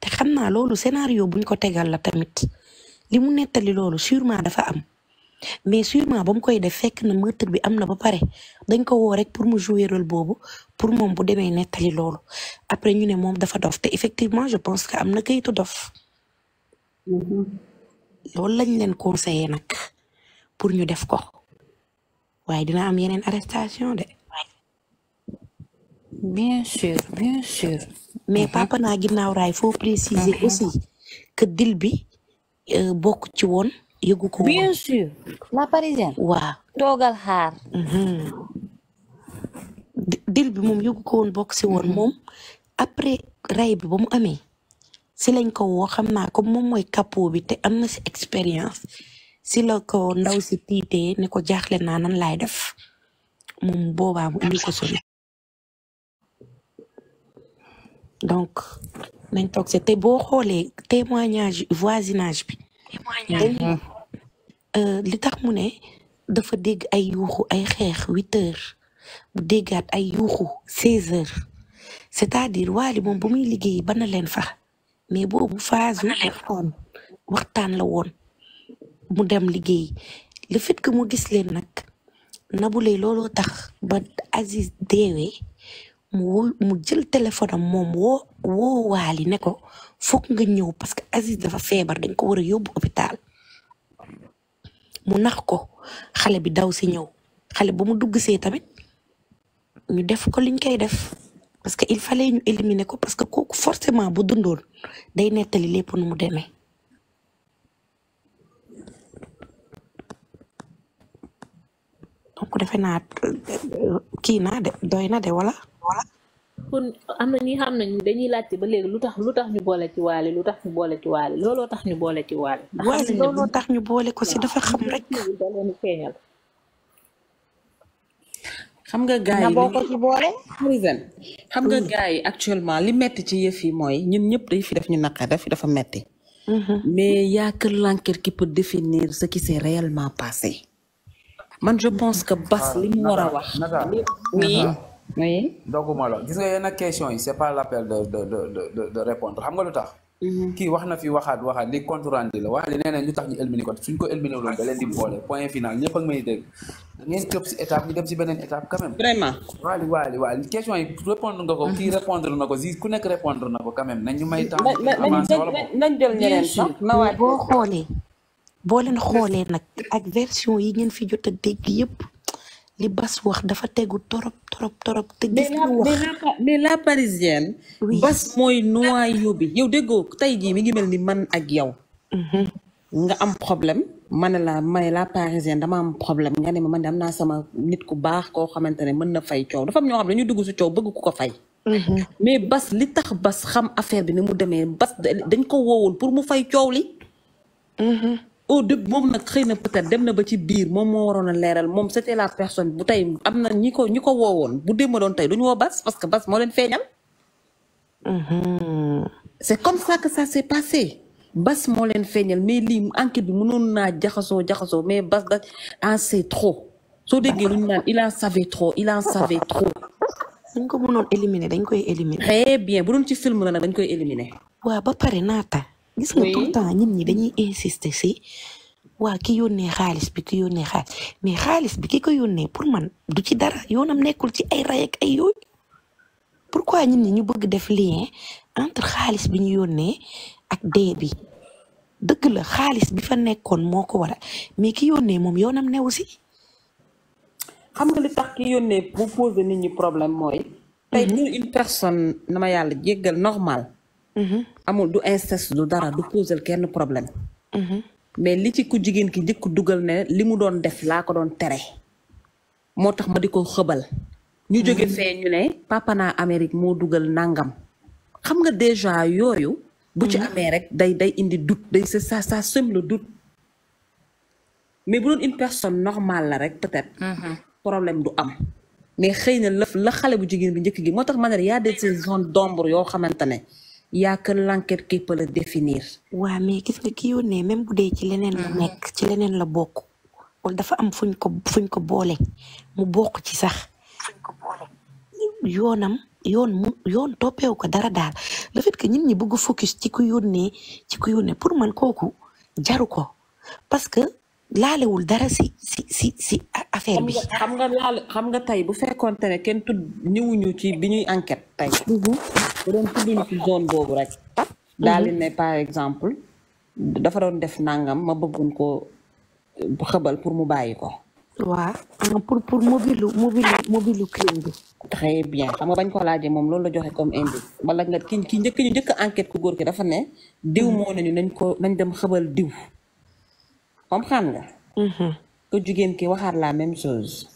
Speaker 2: te xam naa loolu scénario buñ ko tegal la tamit li mu nettali loolu sûrement dafa am mais sûrement ba mu koy def fekk na meurtre bi am na ba pare dañ ko woo rek pour mu jouer rôle boobu pour moom bu demee nettali loolu après ñu ne moom dafa dof te effectivement je pense que am na kayitu dof mm-hmm. loolu lañ leen conseillé nag pour ñu def ko waaye dina am yeneen arrestation bien sûr bien sûr. mais papa naa ginnaaw raay faut préciser aussi que dil bi euh, bokk ci woon yëgu ko. bien mhm. dil bi moom yëgu ko woon bokk si woon mhm. moom après ray bi ba mu amee si lañ ko woo xam naa comme moom mooy kapo bi te am na si expérience si la ko ndaw si tiitee ne ko jaaxle naa nan laay def moom boobaa mu indi ko sori. donc nañ toog seet te boo xoolee témoignage voisinage bi. Euh, li tax mu ne dafa dégg ay yuuxu ay xeex huit heures bu déggaat ay yuuxu seize heures c'est-à-dire waali moom bu muy liggéey ba na leen fa mais boobu phase waxtaan waxtaan la woon mu dem liggéey le fait mu gis leen nag nabulee looloo tax ba Aziz deewee. mu woo mu jël téléphone am moom woo woo waali ne ko foog nga ñëw parce que Aziz dafa feebar dañ ko war a yóbbu hôpital mu nax ko xale bi daw si ñëw xale ba mu dugg see tamit ñu def ko liñ koy def parce que il fallait ñu éliminer ko parce que kooku forcément bu dundoon day nettali lépp nu mu demee. donc defe naa euh, kii naa de doy na de wala.
Speaker 1: ko am ñi xam ne dañuy laajte ba léegi lutax lutax ñu bolé ci walé lutax ñu bolé ci walé lolo tax ñu bolé ci walé waaye looloo tax ñu bolé ko ci dafa xam rek.
Speaker 4: xam nga gaay na boko ci bolé boole. xam nga mm-hmm. gaay actuellement li metti ci yeuf yi moy ñun ñëpp day fi def ñu naqar daf fi dafa metti mm-hmm. mais y a que l'enquête qui peut définir ce qui s'est réellement passé. man je mm-hmm. pense que Bas li mo wara wax
Speaker 6: wax oui donc mooy loolu gis nga une question yi c' pas l'appel de de de de de répondre xam nga lu tax. -hmm. wax waxna fi waxat waxaat li compte rendu la waaye li nee ñu tax ñu éliminer ko suñ ko éliminer lu dalen di bolé point final ñepp ak may dégg. da ngeen këpp si étape ñu dem ci benen étape quand même. vraiment waali waali waali question yi répondre nga ko. Mhm. ki répondre nako ko si ku nek répondre nako quand même nañ ñu may. temps avancé wala
Speaker 2: nañ dem ñeneen sax boo xoolee. boo leen xolé nak ak version yi ngeen fi jot a dégg yépp li Bas wax dafa tegu torop torop torop te gis nga wax
Speaker 5: mais
Speaker 4: la parisienne Bas mooy noyau bi yow déggoo tey jii mi ngi mel ni man ak yow mhm. nga am problème ma ne la ma la parisienne dama am problème nga ne ma man de am naa sama nit ku baax koo xamante ne mën na fay coow dafa am ñoo xam ne ñu dugg si coow bëgg ku ko fay mhm. mais Bas li tax Bas xam affaire bi ni mu demee Bas dañ ko woowoon pour mu fay coow li mhm. au mom peut dem ba ci c'était la personne bu bu parce que Bas mhm. c'est comme ça que ça s'est passé Bas mo len feñal mais enquête bi mënon na mais Bas da ah, en sait trop so il en savait trop il en savait trop.
Speaker 2: dañ ko éliminer dañ koy
Speaker 4: éliminer. très bien bu doon ci film la dañ éliminer
Speaker 2: gis nga tout temps ñi dañuy insister si waa ki yónnee xaalis bi ki yónnee mais xaalis bi ki ko pour man du ci dara nekkul ci ay ray ak ay pourquoi ñi ñu bëgg def entre xaalis bi ñu yónnee ak dee bi dëgg la xaalis bi fa mais ki yónnee moom yoonam newu xam nga li tax ki yónnee bu poser nit ñi problème mooy mhm. une
Speaker 4: personne normale. Mm-hmm. amul du inceste du dara du posel kenn problème. Mm-hmm. mais li ci ku jigéen ki njëkk dugal ne li mu doon def laa ko doon tere. moo tax ma di ko xëbal. ñu jóge mm-hmm. fee ñu ne papa naa Amérique moo dugal nangam. xam nga déjà yooyu. bu ci amee rek day day indi doute day ça ça sème le doute. mais bu doon une personne normale la rek peut-être. problème du am. mais xëy na la la xale bu jigéen bi njëkk gi moo tax ma ne y a des zones d'ombre yoo xamante ne. yaa que l'enquête qui peut a définir.
Speaker 2: waa mais gis nga ki yónnee même bu dee ci leneen la mm-hmm. nekk ci leneen la bokk. wala dafa am fuñ ko fuñ ko boole mu bokk ci sax. fuñ yoonam yoon mu yoon toppeewu ko dara daal le fait que nit ñi bëgg focus ci ku yónnee ci ku yónnee pour man kooku jaru ko parce que laalewul dara si si si si bi.
Speaker 4: xam nga laale xam nga tey bu fekkoonte ne kenn tudd ñëwuñu ci bi ñuy enquête tey. Mm-hmm. da doon boobu rek. daal di ne par exemple dafa doon def nangam ma bëggoon koo xëbal pour mu bàyyi ko.
Speaker 2: waaw pour pour mobilu mobilu mobilu crime bi.
Speaker 4: très bien xam nga bañ koo laajee moom loolu la joxe comme indice wala nga ki ki njëkk ñu njëkk enquête ku góor ki dafa ne. diw moo ne nañ ko nañ dem xëbal diw. comprendre nga. Mhm. ko jigéen ki waxaat la même chose.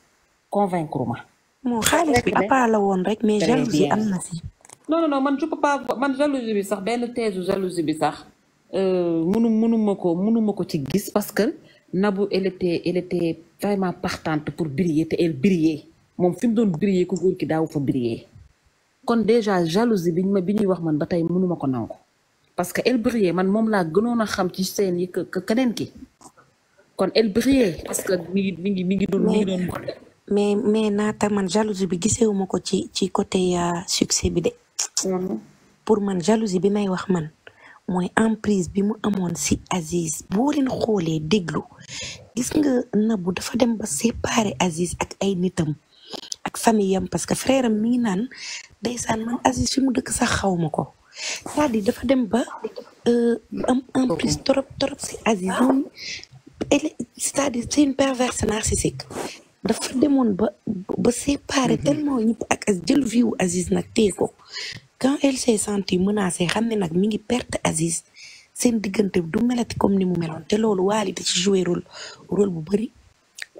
Speaker 2: convaincre ma. moom xaalis bi appart la woon rek mais jalousie am si.
Speaker 4: non non non man je peux pas man jalousie bi sax ben teesu jalousie bi sax euh munu munuma ko munuma ko ci gis parce que Nabou elle était elle était vraiment partante pour briller et elle brillait mom fim mu briller ko góor ki daaw fa briller kon déjà jalousie biñ ma bi wax man batay munu mako ko parce que elle brillait man mom la gënoon
Speaker 2: xam ci seen yi que kenen ki kon elle brillait parce que mi ngi mi ngi mi ngi doon mi ngi doon. mais mais naata man jalousie bi gisewu ma ko ci ci côté euh, succès bi de. pour man jalousie bi may wax man mooy emprise bi mu amoon si Aziz boo leen xoolee déglu gis nga Nabou dafa dem ba séparer Aziz ak ay nitam ak famille am parce que frère mi ngi naan ndeysaan man Aziz fi mu dëkk sax xaw ma ko cest à dafa dem ba euh, am emprise trop trop si Aziz moom ah. cest à une perverse narcissique dafa demone ba ba séparer mhm. tellement ñëpp ak jël vie Aziz nak téye ko quand elle s'est sentie menacée xamné nak mi ngi perte Aziz sen digënté du melati comme ni mu meloon té loolu Walid ci jouer rôle rôle bu bëri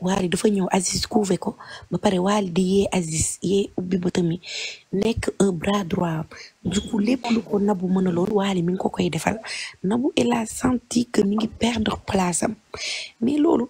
Speaker 2: Wally dafa ñëw Aziz couvé ko ba paré Walid di Aziz yee ubbi ba mi nek un bras droit du coup lépp lu ko nabu mën a lool Walid mi ngi ko koy defal nabu elle a senti que mi ngi perdre place am mais loolu.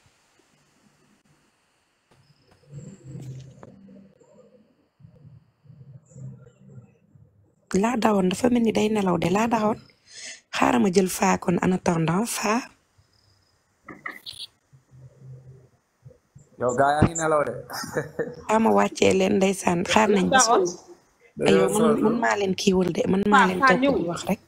Speaker 2: laa daawoon dafa mel ni day nelaw de laa daawoon xaaral ma jël faa kon en attendant faa.
Speaker 6: yow gaa yaa ngi nelaw
Speaker 2: de. leen ndeysaan xaar nañ ba aywa man maa leen kiiwul de man maa leen toog wax rek.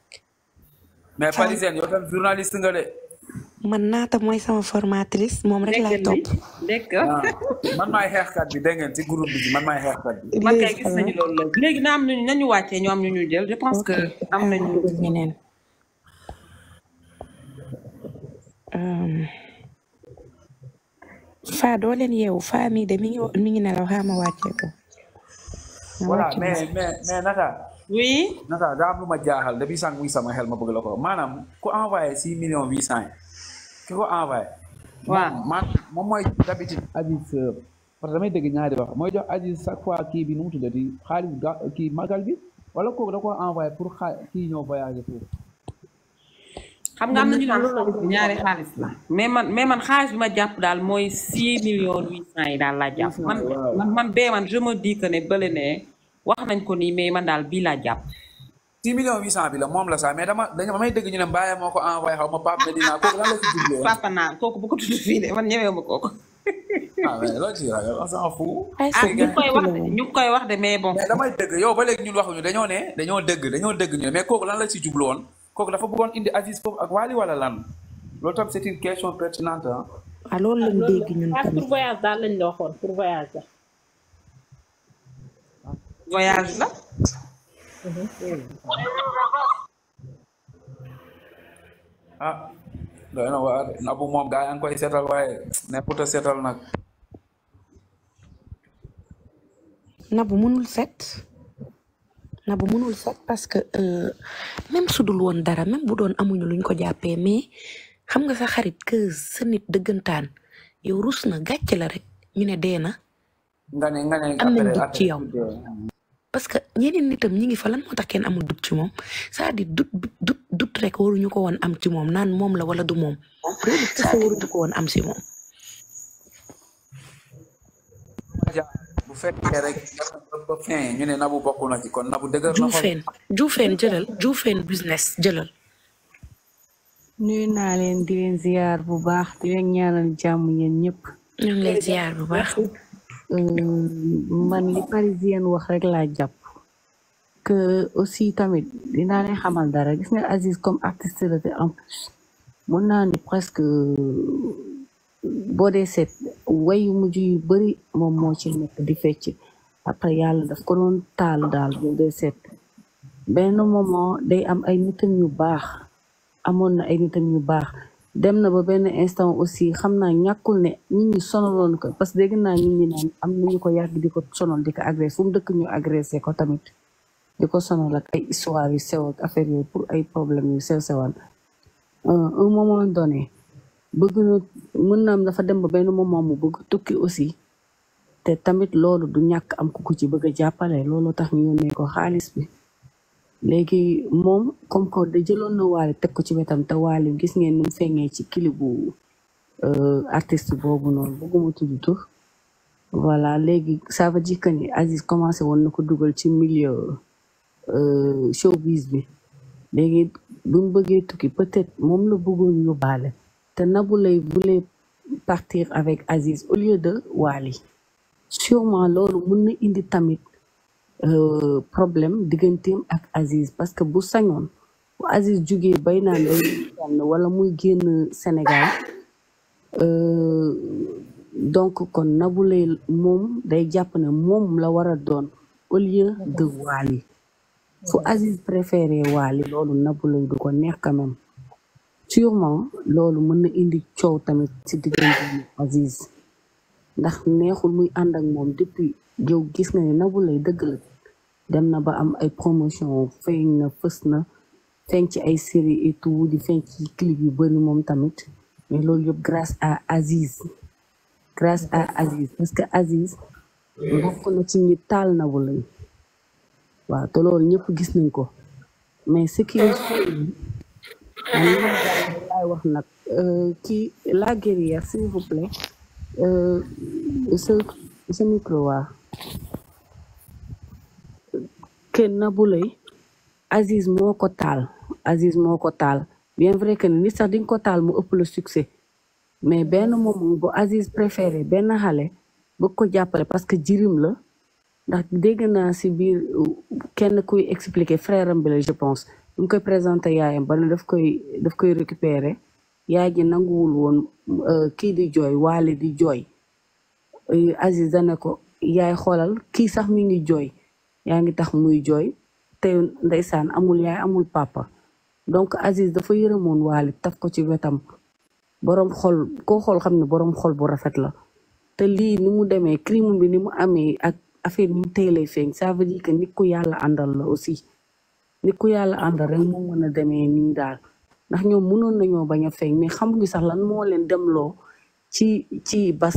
Speaker 2: man naata mooy sama formatrice moom rek laay topp.
Speaker 6: dëgg ah, man maay xeexkat bi dégg ci groupe bi man maay xeexkat bi. man kay gis nañu uh-huh. loolu léegi am nañu nañu
Speaker 4: wàccee ñu am ñu ñu jël je pense que am nañu ah, ñeneen.
Speaker 2: Um, Faa doo leen yeewu Faa mii de mi ngi mi ngi nelaw xaama wàccee ko.
Speaker 6: voilà mais mais mais naka. daa am lu ma jaaxal depuis sànq muy sama xel ma bëgg la ko maanaam ku envoyé six millions huit cent yi. ki ko envoyé. waaw man moom mooy d'habitude Aziz euh, parce que damay dégg ñaari wax mooy jox Aziz chaque fois kii bi nu mu tuddati xaalis ga kii magal bi wala kooku da ko envoyé pour xaa kii ñëw voyagé foofu. xam nga am na ñu xaalis ñaari xaalis la
Speaker 4: mais man mais man xaalis bi ma jàpp daal mooy six millions yi
Speaker 6: daal laa jàpp man man man bee man je me ne bële ne wax nañ ko nii mais man daal bii laa jàpp. six millions huit cent bi la moom la sax mais dama dañu may dëgg ñu ne Mbaye moo ko envoyé xaw ma Pape Medina kooku lan la ci jubloo. Papa naa kooku ko tudd fii de man ñëwee ma kooku. ah, ah ñu koy wax de ñu koy wax de mais bon. mais damay dëgg dañoo ne dañoo dëgg dañoo dëgg ñu ne mais lan la ci jublu woon kooku dafa bëggoon indi Aziz foofu ak Wally wala lan loolu tam c'est une question pertinente ah.
Speaker 1: ah loolu lañ ah, dégg ñun tamit pour voyage daal lañ la waxoon pour voyage la.
Speaker 6: voyage la. ah doy na waar nabu moom gaa yaa ngi koy seetal ne puto setal nak
Speaker 2: na bu munul set bu munul set parce que eh, même su dul dara même bu amuñu luñ ko jàppee mais xam nga sa xarit que sa nit dëggantaan yow rus na na parce que ñeneen nitam ñi ngi fa moo tax kenn amul dut ci moom c'est-à-dire dut dut dut rek waruñu ko woon am ci moom naan moom la wala du moom woon am si moom.
Speaker 6: bu fekkee rek ba ñu ne nabu bokk
Speaker 2: jëlal juufeen business jëlal.
Speaker 8: nuyu naa leen di leen ziar bu baax di ñaanal jàmm yéen ñëpp.
Speaker 2: ñu ngi leen bu baax.
Speaker 8: Euh, man li parisienne wax rek laa jàpp que aussi tamit dinaa leen xamal dara gis nga Aziz comme artiste la te en plus mun naa ni presque boo dee seet wayu mujj yu bëri moom moo ci nekk di fecc après yàlla daf ko doon taal daal boo dee seet benn moment day am ay nitam yu baax amoon na ay nitam yu baax dem na ba benn instant aussi xam naa ñàkkul ne nit ñi sonaloon ko parce que dégg naa nit ñi naan am nañu ko yàgg di ko sonal di ko agressé fu dëkk ñu agressé ko tamit di ko sono ak ay histoire yu sew affaire yooyu pour ay problème yu sew sewal euh, un moment donné bëgg na mën na am dafa dem ba benn moom mu bëgg tukki aussi te tamit loolu du ñàkk am ku ci bëgg a loolu tax ñu yónnee ko xaalis bi léegi moom comme que da jëloon na waale teg ko ci wetam te waale gis ngeen nu mu feeñee ci kilibu bu euh, artiste boobu noonu bëgguma tudd tur voilà léegi ça veut dire que ni Aziz commencé woon na ko dugal ci milieu euh, showbiz bi léegi buñ bëggee tukki peut-être moom la bëggoon yóbbaale te Nabou Leye voulait partir avec Aziz au lieu de Wally sûrement loolu mun na indi tamit euh, problème digganteem ak Aziz parce que bu sañoon Aziz jugee bayna naan wala muy génn Sénégal euh, donc kon Nabou mom day japp ne mom la wara a doon au lieu de Wali fu Aziz préféré Wali loolu Nabou Leye du ko neex quand même sûrement loolu mën indi ciow tamit ci diggante Aziz ndax neexul muy and ak mom depuis yow gis nga ne Nabou Leye dëgg la dem na ba am ay promotion feeñ na fës na feeñ ci ay série et di feeñ ci clip yu bëri moom tamit mais loolu yëpp grâce à Aziz grâce à Aziz parce que Aziz bokk na ci ñi taal Nabou Leye waaw te loolu ñëpp gis nañ ko mais ce qui laay wax nag euh, kii la guerrière s'il vous plaît euh, Kër Nabou Leye Aziz moo ko taal Aziz moo ko taal bien vrai que nit sax dinga ko taal mu ëpp la succès mais benn moom bu Aziz préféré benn xale bëgg ko jàppale parce que jirim la ndax dégg naa si biir kenn kuy expliquer frère am bi je pense ñu ngi koy présenté yaayam ba daf koy daf koy récupérer yaay ji nanguwul woon euh, kii di jooy waale di jooy euh, Aziz dane ko yaay xoolal kii sax mu ngi jooy yaa ngi tax muy jooy te ndeysaan amul yaay amul papa donc Aziz dafa yëre yërëmoon waali taf ko ci wetam boroom xol koo xool xam ne boroom xol bu rafet la te lii ni mu demee crime bi ni mu amee ak affaire bi mu lay feeñ ça veut que nit ku yàlla àndal la aussi nit ku yàlla àndal rek moo mën a demee nii daal ndax ñoom mënoon nañoo bañ a feeñ mais xamuñu sax lan moo leen demloo ci ci bas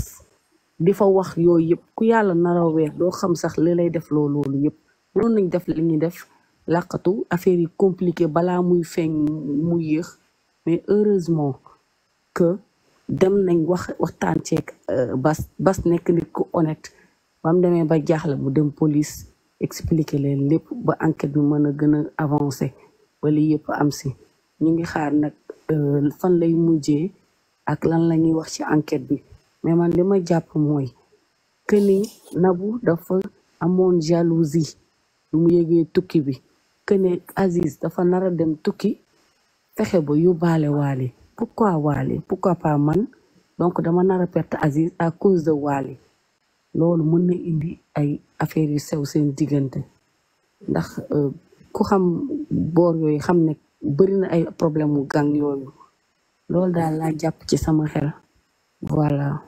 Speaker 8: di fa wax yooyu yëpp ku yàlla nara weer doo xam sax li lay def loo loolu yëpp mënoon nañ def li ñuy def làqatu affaire yi compliqué balaa muy feeñ muy yéex mais heureusement que dem nañ wax waxtaan ceeg euh, bas bas nekk nit ku honnête ba demee ba jaaxle bu dem police expliquer leen lépp ba enquête bi mën a gën a avancé ba lii yëpp am si ñu ngi xaar nag euh, fan lay mujjee ak lan la ñuy wax ci enquête bi mais man li ma jàpp mooy que ni Nabou dafa amoon jalousie lu mu yëgee tukki bi que ne Aziz dafa nar a dem tukki fexe ba yóbbaale Wally pourquoi Wally pourquoi pas man donc dama nar a perte Aziz à cause de Wally loolu mën na indi ay affaires yu sew seen diggante ndax euh, ku xam boor yooyu xam ne bëri na ay problème mu gang yooyu loolu daal laa jàpp ci sama xel Voilà.